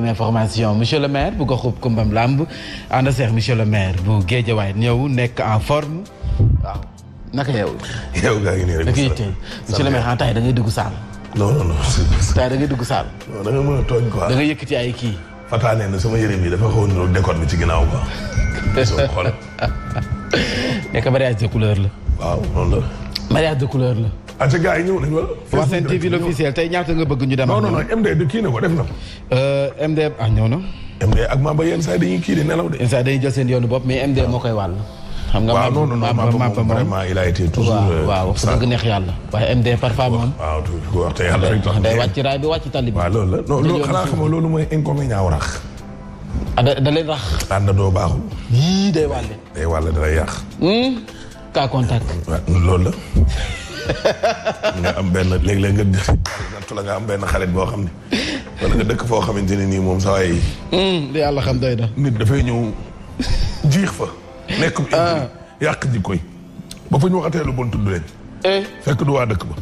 wàllum information monsieur le maire bu goxub Kumbam Lamb ànd seex monsieur le maire bu Géejawaay ñëw nekk en forme waaw naka yow. yow gaa ngi nii rek. da ngay tey monsieur le maire en taay da ngay dugg saal. non non non. taay da ngay dugg saal. non da nga mën a tooñ quoi. da nga yëkkati ay kii. Fata nee na sama yëre bi dafa xaw a niróo décor bi ci ginnaaw quoi. soo xool. nekk mariage de couleur la. waaw noonu la. mariage de couleur la. ah ca gars yi ñëw nañu wala. waa seen TV l'officiel tey ñaata nga bëgg ñu dem. non non non MD du kii na ko def na ko. Euh, MD ah ñëw na. MD ak Mamba yenn saa dañuy kii di nelaw de. yenn saa dañuy jël seen yoonu bopp mais MD moo koy wàll. xam nga waaw non non Mamba moom vraiment il a été toujours. waaw euh, waaw fu dëgg neex yàlla. waaye MD parfois moom. waaw tuuti ko wax te yàlla rek tax. day wàcc raay bi wàcc tali bi. waaw loolu la non loolu xanaa xam nga loolu mooy inconvénient wu rax. ah da da leen rax. àndandoo baaxul. yii day wàlle. day wàlle dana yàq. cas hmm? contact. waaw loolu la. nga am benn léeg-léeg nga nattu la nga am benn xarit boo xam ne wala nga dëkk foo xamante ne nii moom saa yi. li yàlla xam doy na. nit dafay ñëw jiix fa. nekk bu ah. yàq ji koy. ba fa ñu waxatee lu bon tudd leen. Eh. fekk du waa dëkk ba.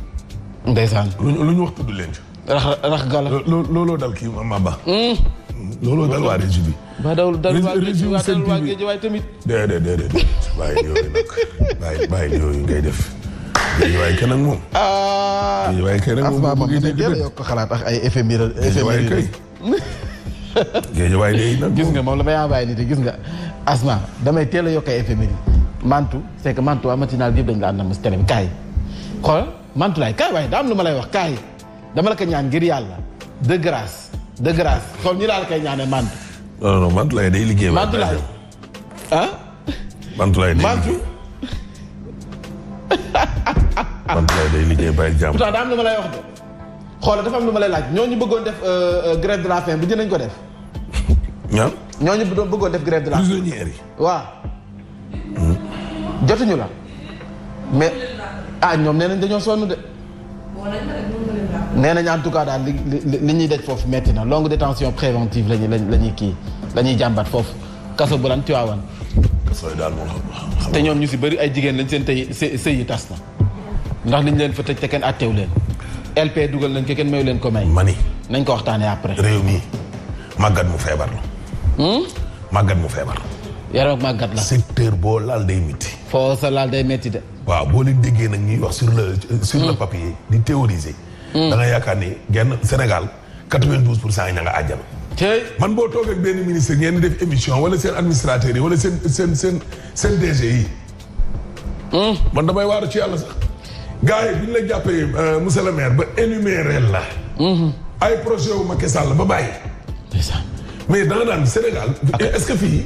ndeysaan. lu ñu wax tudd leen. rax rax gala. looloo dal kii ma ba. Hmm. looloo dal waa régie bi. ba dawul dal waa géej waaye tamit. déedéet déedéet bàyyi yooyu nag bàyyi bàyyi yooyu ngay def. géejewaay kay nag moom. géejewaay kay nag moom mu ngi yokk ay éphéméride. géejewaay kay la may envoyé nii de gis nga asma damay teel a yokk ay éphéméride. mantu c' est que mantu waa matinal bi yëpp dañu daan namm si kaay. xool mantu laay kaay waaye daa am lu ma lay wax kaay dama la ko ñaan ngir yàlla de grâce de grâce comme ñu daal koy ñaanee mantu. mantu laay day liggéey. mantu laay ah. kon ah. tey day liggéey daa am lu ma lay wax de xoolal dafa am lu ma lay laaj ñooñu bëggoon def euh, euh, grève de la faim bi dinañ ko def. ñoom. ñooñu bëggoon def grève de la faim. prisonnières yi. la mais ah ñoom nee nañ dañoo sonn de. nee nañ en tout cas daal ñuy def foofu metti na longue détention préventive lañuy la ñuy kii la jàmbat foofu kaso bu lan Tiwaawan. kaso yi daal ñu si bëri ay jigéen lañ seen tey sëy yi tas na. ndax liñ leen fa tëj te kenn àtteew leen. LP dugal nañ ko kenn mayu leen ko may. mani nañ ko waxtaanee après. réew mi màggat mu feebar la. Hmm? màggat mu feebar. yaram ak màggat la. secteur boo laal day métti. foo sa laal day métti de. waaw boo leen déggee nag ñuy wax sur le. sur le hmm. papier di théoriser. Hmm. da yaakaar ni genn Sénégal 92 pour cent yi na nga àjjana. man boo toog ak benn ministre ngeen def émission wala seen administrateurs yi wala seen seen seen seen DG yi. man ci yàlla gars yi bu ñu la jàppee euh, monsieur le maire ba énuméré la. Mhm. ay projet wu Macky Sall ba bàyyi. mais da nga naan Sénégal. Ah. est-ce que fii.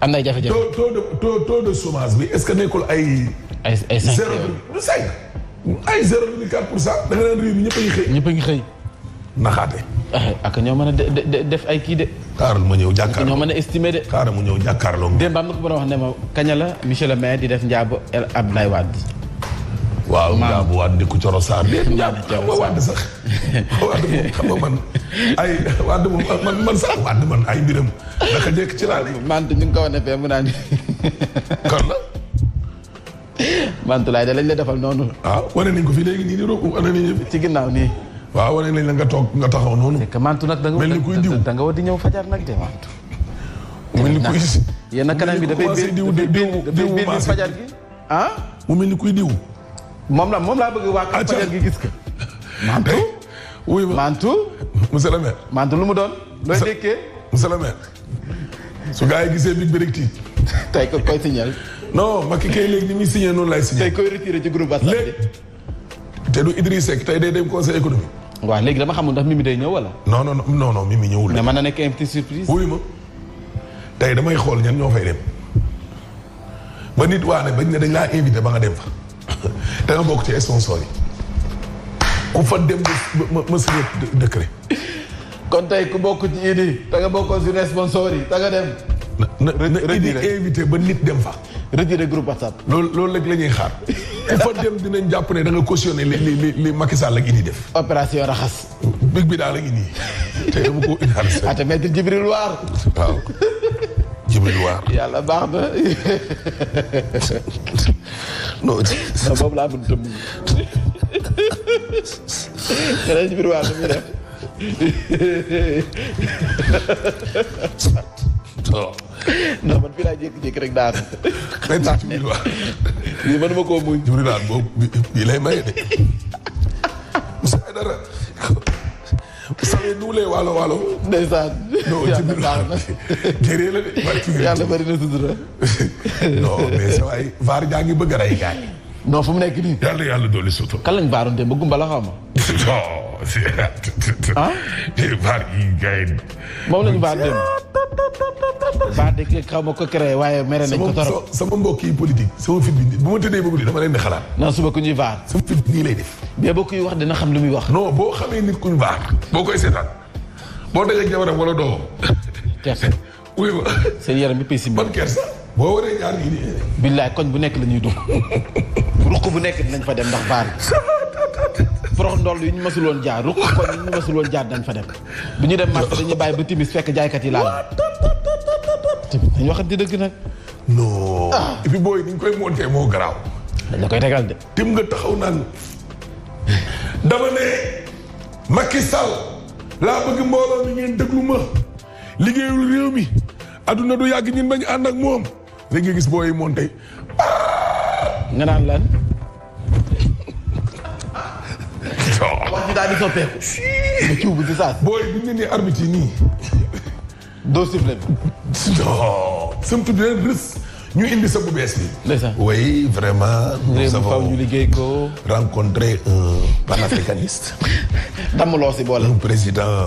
am na ay jafe-jafe taux taux de taux bi est-ce que nekkul ay. ay ay cinq zéro du cinq ay zéro virgule ñëpp a ngi xëy. ñëpp a ngi xëy. naxaate. Ah, a kii de. xaaral ma ñëw jàkkaarloo ñoo mën a estimer de. xaaral ñëw jàkkaarloo. démb na ko mën a la monsieur le maire di def njaabu Abdoulaye Wade. waaw njaabu waat di ku coro saar déet njaabu xam nga waat sax waat moom man ay waat moom man man man ay mbiram naka jekk ci laa mantu ñu ngi ko wane fee mu lañ la defal noonu waaw ah, wane ko fi léegi nii ci ginnaaw nii waaw wane nañ la nga toog nga taxaw noonu mantu nag da nga mel ni di ñëw fajar nag de mel ni kuy yéen gi ah mu mel ni kuy diw moom la moom laa bëgg waa Kampagner ah, gi gis ko. mantu wuy ma mantu. monsieur le lu mu doon. looy dékkee monsieur le su gaa yi gisee big bi rek tiit. tey ko koy signal. non Macky kay muy signé noonu laay signé. tey koy retiré ci groupe WhatsApp bi te du Idriss Seck tey day dem conseil économique. waaw léegi dama xamul ndax Mimi day ñëw wala. non non non non ñëwul. mais mën na nekk une petite surprise. wuy ma tey damay xool ñan ñoo fay dem ba nit waa ne bañ ne dañ laa invité ba nga dem fa. danga bokk ci sponsor yi ku fa dem ma ma signé décret. kon tey ku bokk ci idi danga bokkoon suñu sponsor yi danga dem. na na ba nit dem fa. retiré groupe WhatsApp. loolu loolu rek xaar ku fa dem dinañ jàpp ne da nga cautionné li li li Macky Sall ak Idi def. opération raxas. big bi daal ak Idi te dama ko inhalisé. ah te maître Djibril Waar. waaw Waar. yàlla baax na. non boobu laa mën tëb. xanaa ci biir waa dama def. non man fii laa jékki-jékki rek daanu. xanaa ci biir waa. lii boobu bii lay maye nous les waalo waalo. ndeysaan. non ci biir téere la de. yàlla bari na sutura. non mais ngi bëgg a non fu mu nekk nii. yàlla yàlla dolli sutura. kan lañ baaroon ba gumba la xaw ma. non c' est. baar yi gars xaw ma ko créé waaye mere nañ ko torop. sama mbokk yi politique sama fit bi bu ma leen di xalaat. non suba ku ñuy baar. sama fit nii lay def. mais boo wax dina xam lu muy wax. non boo xamee nit ku ñu baar. boo koy seetaan boo dajee jabaram wala doo. kersa. oui ma. seen yaram bi pay si. ban kersa. boo waree ñaar yi nii. billaay koñ bu nekk la ñuy dugg. ruq bu nekk dinañ fa dem ndax baar porox ndool yi ñu mësuloon jaar ruq ko yi ñu mësuloon jaar dañ fa dem bu ñu dem marché dañuy bàyyi ba timis fekk jaaykat yi laal tamit dañ dëgg nag non ah. et koy monté moo garaaw dañ koy tegal de tim nga taxaw naan dama ne Macky Sall laa bëgg mbooloo mi ngeen déglu ma liggéeyul réew mi adduna du yàgg ñun bañ ànd ak moom rek nga gis booy monté nga naan lan daal di soppeeku. bi si saa booy bu ñu nee arbitre yi nii. doo sifflé bi. non. suñu tudd leen rës ñu indi sa bu bees bi. ndeysaan vraiment. nous avons liggéey ko. rencontré un panafricaniste. damuloo si boole. un président.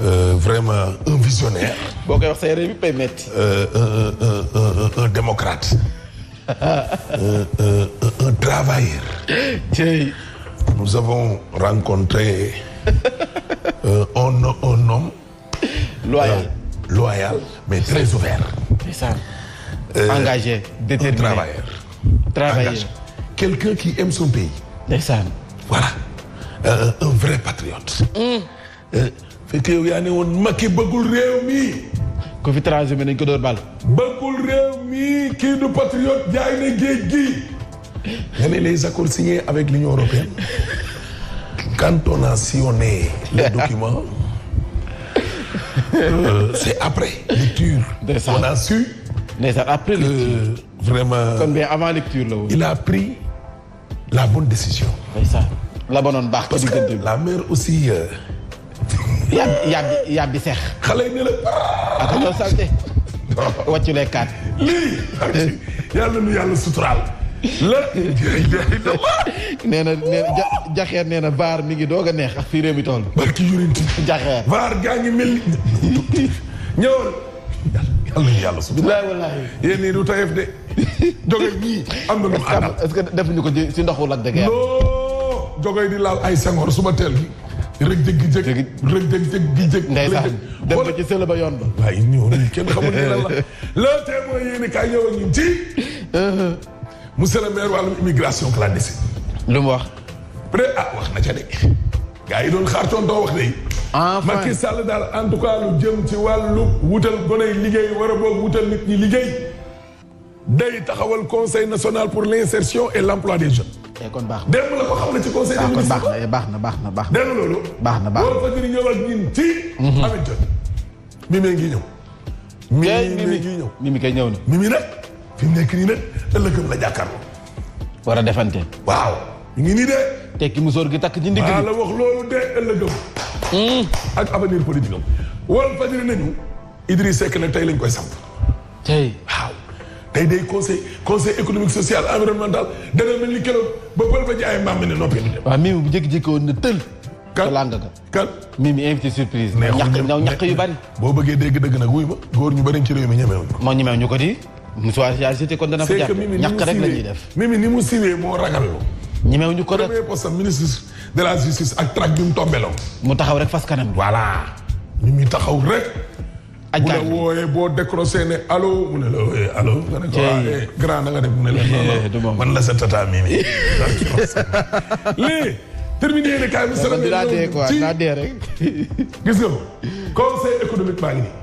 Euh, vraiment un visionnaire. boo koy wax sa yére euh, un démocrate. un travailleur. nous avons rencontré euh, un, un homme. loyal euh, loyal mais très ouvert. c'est ça. Euh, engagé déterminé travailleur. travailleur engagé quelqu'un qui aime son pays. ndeysaan. voilà euh, un vrai patriote. Mm. Euh, fekk yow yaa ne woon Macky bëggul réew mi. ko fi transhumé nañ ko door bal. bëggul réew mi kii du patriote jaay na géej gi. nga ne les accords signés avec l'Union européenne quand on a sillonné les le euh, c'est après lecture on a su mais après lecture vraiment kon bien la il a pris la bonne décision la bonoon baax parce que la mère aussi yab yab yàbbi seex xale yi la ak a salte wàccu lekkaat lii yàlla nu la nee na nee na jaxeer nee na vaar mi ngi doog a neex ak fii réew mi toll. barki yurinti jaxeer vaar gaa ngi mel yàlla su bilaay wallaahi yéen nii du tayef de joge ci ndoxu lak dëgg non di laal ay sengoor suba teel bi rek dëgg jëg rek dëgg ba ci sëla yoon ba waaye ñëw nii kenn xamul ni la la tee mooy yéen i ñun ci uh-huh. monsieur le maire wàllum immigration clandestine. lu mu wax. peut ah wax na ca de doon xaar toon doo wax de. ah Macky Sall daal en tout cas lu jëm ci wàllu wutal goney liggéey war a boog wutal nit ñi liggéey. day taxawal conseil national pour l' insertion et l' des jeunes. Eh, kon baax na démb la ko xam ne ci conseil. des ah, ministres kon eh, baax na baax na baax na. dégg loolu. baax na baax na loolu fa ñu ñëw ak ñun ci. Mhm. amit jot mi mi ngi ñëw. na. mi ëllëgëm la jàkkaarloo. war a defante. waaw ñu ngi nii de. tekki musóor gi takk ci ndigg la wax loolu de ëllëgëm. Hmm. ak avenir politique am. wal fajiri nañu. Idriss Seck nag tey lañ koy samp. tey waaw. tey day conseil conseil économique social environnemental dana mel ni keroog ba pël ba ji ay maam mi ne noppi. waaw mi bu jékki-jékki woon na tël. kan langa kan mi mi invité surprise. neexul ñaw ñaq yu bari. boo bëggee dégg dëgg na wuy ma góor ñu bari ci réew mi ñemewuñ ko. moo ñemewuñu ko di. Moussa yaa cité kon dana fa jàpp ñàkk rek la ñuy def mimi ni mu siwee moo ragallu ñemew ñu ko def premier la justice ak traque ñu tombeloo mu taxaw rek fas kanam voilà mi mi taxaw rek aj bu la wooyee boo décroché ne allo mu ne la wooyee eh, allo nga ne ko waaye ah, eh, grand na eh, man la sa tata mimi lii terminé ne kaay bi sala dinaa dee naa dee rek gis nga ko conseil économique baa ngi nii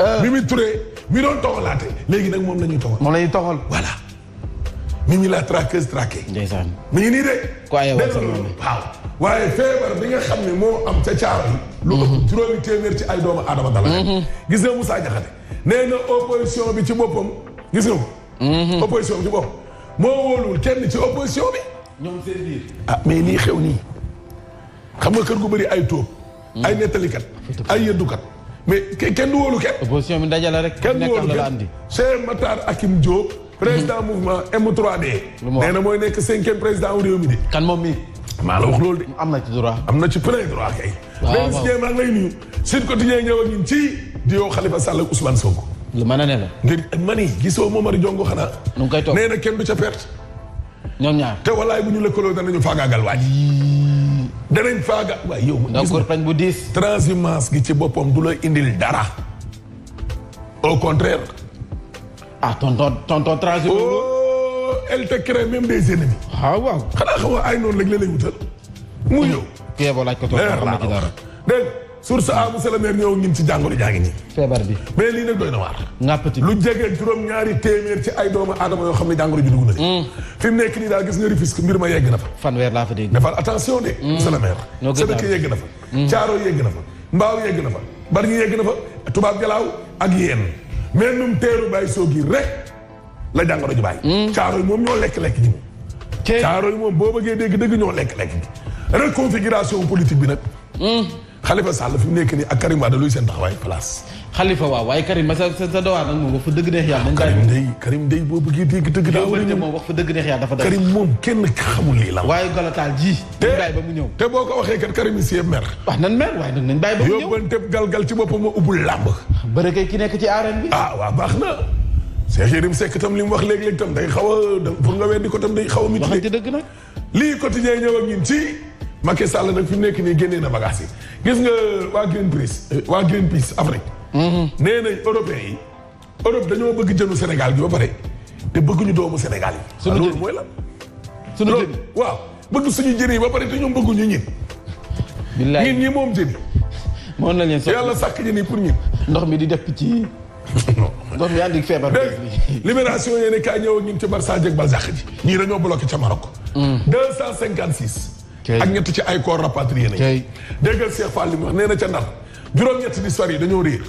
euh. Mimi Touré mi doon toxalaate léegi nag moom la ñuy toxal. moom la ñuy toxal voilà. nit ñi la traqueuse traqué. ndeysaan mi ngi nii de. ku ayewal waaw. waaye feebar bi nga xam ne moo am ca caaro lu ëpp mhm. juróomi téeméer ci ay doomu aadama dala mhm. gis nga Moussa Diakhaté nee na opposition bi ci boppam gis nga ko. Mhm. opposition bi ci boppam moo wóolul kenn ci opposition bi. ñoom seen ah, mais lii xew nii xam nga kër gu bëri ay tóob. ay nettalikat ay yëddukat. mais kenn du wóolu kenn. opposition bi dajale rek. kenn du wóolu kenn Cheikh Matar Akim Diop. président mhm. mouvement M3D. lu ma nee na mooy nekk cinquième président wu réew mi de. kan moom mii. maa la wax loolu de. am na ci droit. am na ci plein droit kay. waaw waaw mais maa ngi lay nuyu. Sud Quotidien ñëw ak ñun ci di yow Khalifa Sall ak Ousmane Sonko. lu mën a ne la. ngir mani gisoo Momar Diongo xanaa. nu ngi koy toog nee na kenn du ca perte. ñoom ñaar te walaay bu ñu lëkkaloo danañu faagaagal waaj. danañ faaga waaye yow. gis bu diis. transhumance gi ci boppam du la indil dara. au contraire. ah tonton tonton transhumance. oh elle te crée même des ennemis. ah waaw xanaa xaw ay noonu léeg-léeg lay wutal. mu ñëw. kii laaj dara. dégg source a monsieur le maire ñëw ci jàngoro jaa ngi nii. feebar bi mais lii nag doy na waar. ngàppati lu jege juróom-ñaari téeméer ci ay doomu aadama yoo xam ne jàngoro ji dugg na de. Mm. fi mu nekk nii daal gis nga Rufisque mbir ma yegg na fa. fanweer laa fa dégg. defal attention de. Mm. monsieur le maire. noo gën a yegg na fa. Mm. Caaro yegg na fa. Mbaaw yegg na fa. Bargny yegg na fa. Tubaab Jalaaw ak yéen. mais num teeru bàyyi soo gi rek la jàngoro ji bàyyi. Caaro yi moom ñoo lekk-lekk ji moom. Caaro yi moom boo bëggee dégg dëgg ñoo lekk-lekk ji reconfiguration politique bi nag Khalifa Sall fi mu nekk nii ak Karim Wade luy seen taxawaay place. Khalifa waaw waaye Karim ma sa sa dowaar nag moom wax fa dëgg neex yàlla. Karim day Karim day boo bëggee dégg dëgg. daa wër moom wax fa dëgg neex yàlla dafa doy. Karim moom kenn xamul lii la. waaye golotaal ji. te ba mu ñëw. te boo ko waxee kat Karim si mer. waaw nan mer waaye nag nañ bàyyi ba mu ñëw yóbbuwante galgal ci boppam ma ubbul làmb. bëri kay ki nekk ci arène bi. ah waaw baax na. Cheikh Yérim Seck tam li mu wax léeg-léeg tam day xaw a pour nga weddi ko tam day xaw a. wax dëgg nag lii quotidien ñëw ak ñun ci Macky Sall nag fi mu nekk nii génnee na bagages yi gis nga waa Greenpeace euh, waa Greenpeace Afrique. Mm-hmm. nee nañ européens yi Europe dañoo bëgg jënu Sénégal ji ba pare te bëgguñu doomu Sénégal yi. suñu loolu mooy la. suñu jën waaw bëgg jën yi ba pare te ñoom bëgguñu ñin. billaay ñin ñi moom jën. moom la leen soxla yàlla sàkk jën yi ndox mi di def picc yi. ndox mi yaa ngi feebar. dégg libération yéen a kaay ñëw ak ñun ci Barça ak Balzac ji. ñii dañoo bloqué ca Maroc. Mm. ak ñett ci ay corps rapatrié nañ déggal Cheikh Fall li mu wax nee ca Ndar juróom-ñett disparu yi dañoo réer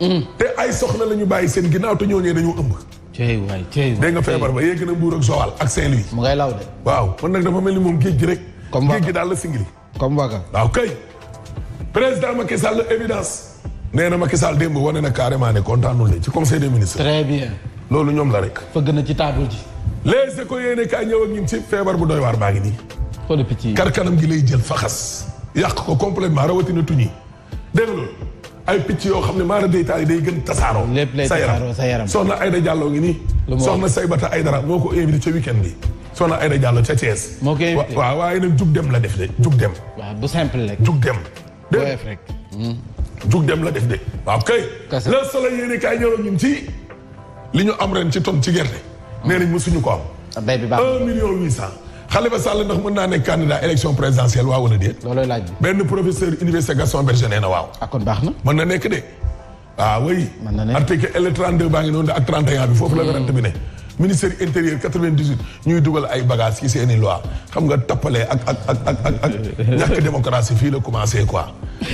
mm. te ay soxna la ñu bàyyi seen ginnaaw te ñooñee dañoo ëmb cey waay cey waay dégg nga feebar ba yéeg na Mbuur ak Joal ak Saint-Louis mu ngay law de waaw man nag dafa mel ni moom géej gi rek géej gi daal la singili comme waga waaw kay président Macky Sall na Macky Sall démb wane na carrément ne kontaanul ne ci conseil des ministres très bien loolu ñoom la rek fëgg na ci table ji les éco yéene kaa ñëw ak ñun ci feebar bu doy waar baa ngi nii trop de pitié kar kanam gi lay jël faxas yàq ko complètement rawatina tuñi dégg loolu ay picc yoo xam ne maara deytaal yi day gën tasaaroo sa yaram sa yaram soxna Aïda Diallo ngi nii soxna Saybata Aïdara moo ko invité ca week-end bi soxna Aïda Diallo ca Thiès moo ko invité waaw waaye nag jug dem la def de jug dem waaw bu simple rek jug dem de rek hmm. jug dem la def de waaw kay la solo yéene kaay ñëw ñun ci li ñu am ren ci tonne ci gerte hmm. nee nañ mësuñu ko am un million huit cent Khalifa Sall ndax mën naa nekk candidat élection présidentielle waaw wala déet. loolooy laaj bi benn professeur université Gaston Berger na waaw. ah na. mën na nekk de. ah oui. mën na nekk L32 baa ngi noonu ak 31 bi foofu la hmm. werante bi ne. ministère intérieur 98 ñuy dugal ay bagages ci seeni loi xam nga tappalee ak ak ak démocratie fii la commencé quoi.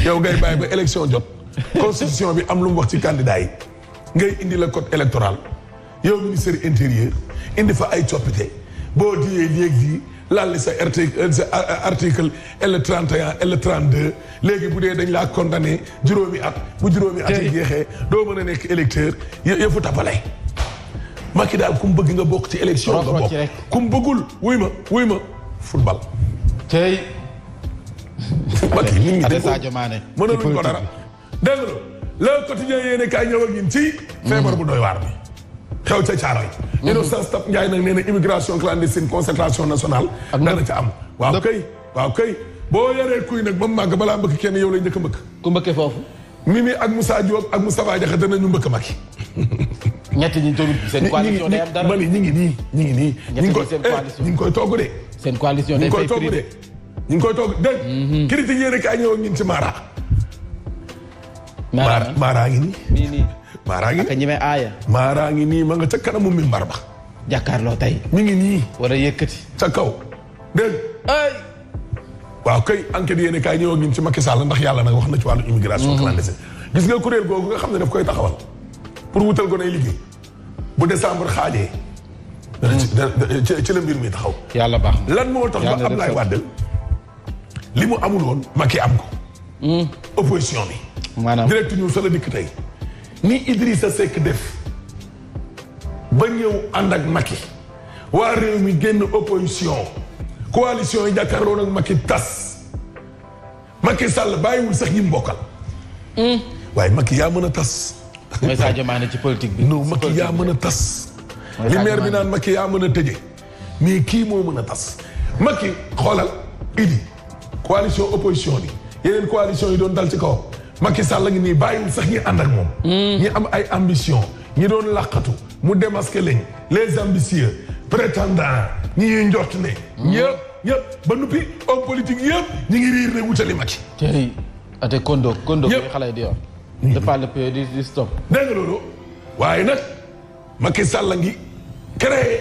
yow ngay bàyyi ba élection jot constitution bi am lu mu wax ci candidat yi ngay indi la code électoral yow ministère intérieur indi fa ay coppite. boo diyee léegi di lalli sa article euh, sa euh, article L 31 léegi bu dee dañ laa condamné juróomi at bu juróomi at yi jeexee doo mën a nekk électeur yëfu tapale Macky daal ku mu bëgg nga bokk ci élection nga bokk ku mu bëggul wuy ma wuy ma football tey Macky nit ñi Sadio Mané mënaluñ ko dara dégg nga le quotidien yéene kaay ñëw ak ñun ci feebar bu dooy waar bi xew ca caaroy ñu ne Oustaz Tap Ndiaye nag nee na immigration clandestine consécration nationale dana ca am waaw kay waaw kay boo yoree kuy nag ba mu màgg balaa mbëkk kenn yow lay njëkk a mbëkk ku mbëkkee foofu Mimi ak Moussa Diop ak Moustapha Diakhaté danañu mbëkk Macky ñett ñi doon seen coalition day am dara ma ni ñi ngi nii ñi ngi nii ñi ngi koy eh, ñi ngi koy togg de seen coalition day koy togg de ñu ngi koy togg dégg critique yéen rek a ñëw ak ñun ci Mara Mara Mara ngi nii maaraa ngi ak ñi may ngi nii ma nga ca kanamu mimbar ba jàkkaarloo tey mu ngi nii war a yëkkati ca kaw dégg ay waaw kay enquête yéene kaay ñëw ak ci ma Macky saala ndax yàlla nag wax na ci wàllu immigration mm-hmm. clandestine gis nga kuréel googu nga xam ne daf koy taxawal pour wutal ko nay liggéey bu décembre xaajee mm-hmm. ci la mbir mi taxaw yàlla baax lan moo tax ba Ablaye Wade li mu amul woon Macky am ko mm. opposition bi maanaam direct ñu sa la dikk tey ni Idrissa sekk def ba ñëw ànd ak Macky waa réew mi génn opposition coalition yi jàkkaarloo ak makki tas Macky Sall bàyyiwul sax ñi mbokal hmm. waaye Macky yaa mën a tas mooy Sadio ci politique bi non Macky yaa mën a tas li maire bi naan Macky yaa mën a tëje mais kii moo mën a tas Macky xoolal idi coalition opposition bi yeneen coalition yi doon dal ci kawam Macky Sall ngi nii bàyyiwul sax ñi ànd ak moom. Hmm. ñi am ay ambition ñi doon làqatu mu démasqué leen les ambitieux prétendants ñi ñuy njort ne. ñëpp hmm. ñëpp ba nuppi homme politique yëpp ñu ngi riir ne wutali Macky. tey ate kondo kondo bi xale di yor. de pas le pays di stop. dégg waaye nag Macky Sall ngi créé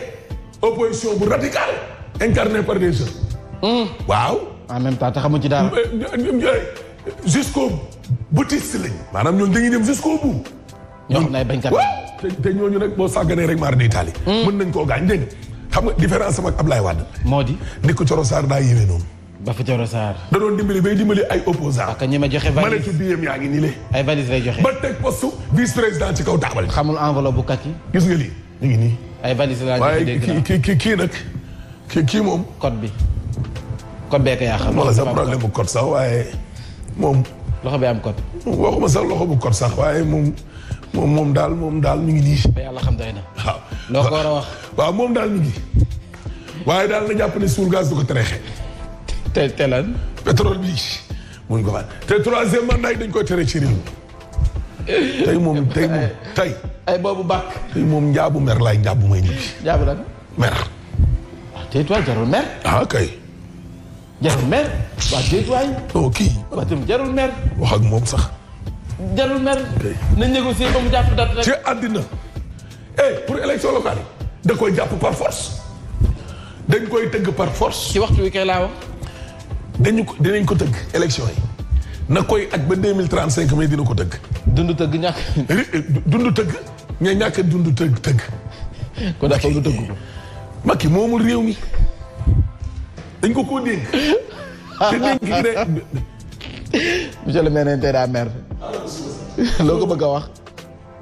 opposition bu radicale incarnée par des jeunes. Hmm. waaw. en même temps te xamu ci dara. jusqu'au boutiste lañ maanaam ñooñu dañuy dem jusqu'au bout. ñoo xam bañkat te ñooñu nag boo sàgganee rek maar day taali. Hmm. mën nañ koo gaañ dégg xam nga différence am ak Ablaye Wade. moo di ni ko Coro Sarr daa yéeme noonu. ba fa Coro Sarr. da doon dimbali bay dimbali ay opposants. parce que ñi ma joxe valise ma ne ci biyam yaa ngi nii le. ay valise lay joxe. ba teg poste vice président ci kaw taabal. xamul enveloppe bu kaki. gis nga lii ñu ngi nii. ay valise laa joxe dégg waaye kii kii kii nag kii kii moom. code bi code bee ko yaa xam. wala sa problème bu code sax waaye moom loxo bi am code. waxuma sax loxo bu code waaye moom moom moom daal moom daal mi ngi nii. ba xam doy na. waaw loo wax. waaw moom daal mi waaye daal na jàpp ne suul gaz du ko tereexee. te te lan. pétrole ko fa te troisième mandat yi dañ koy tere ci réew tey moom tey moom tey. ay boobu bàq. tey moom mer laay njaabu may ñibbi. Ah, tey tool jarul mer. Ah, jarul mer waa déet waay. oo kii. wax dëgg jarul mer. wax moom sax. jarul mer. na négocier ba mu jàpp date rek. ci àddina. eh pour élection locale da koy jàpp par force. dañ koy tëgg par force. ci waxtu wi kay laa wax. dañu ko dinañ ko tëgg élection yi. na koy ak ba deux mille trente dina ko tëgg. dund tëgg ñàkk. Eh, dund tëgg. ña ñàkk dund tëgg tëgg. kon dafa lu tëgg. Macky dañ ko ko dénk. te dénk gi le maire tey daa mer. loo ko bëgg a wax.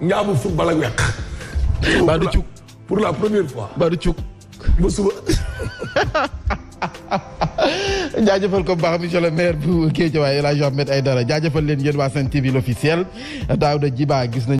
ñaabu football ak weq. Badou Diouf pour la première ba suba. jaajëfal ko baax monsieur le maire bu Guédiawaye El Hadj ay Aïdara jaajëfal leen yéen waa Sen TV l'officiel Daouda Djiba gis nañ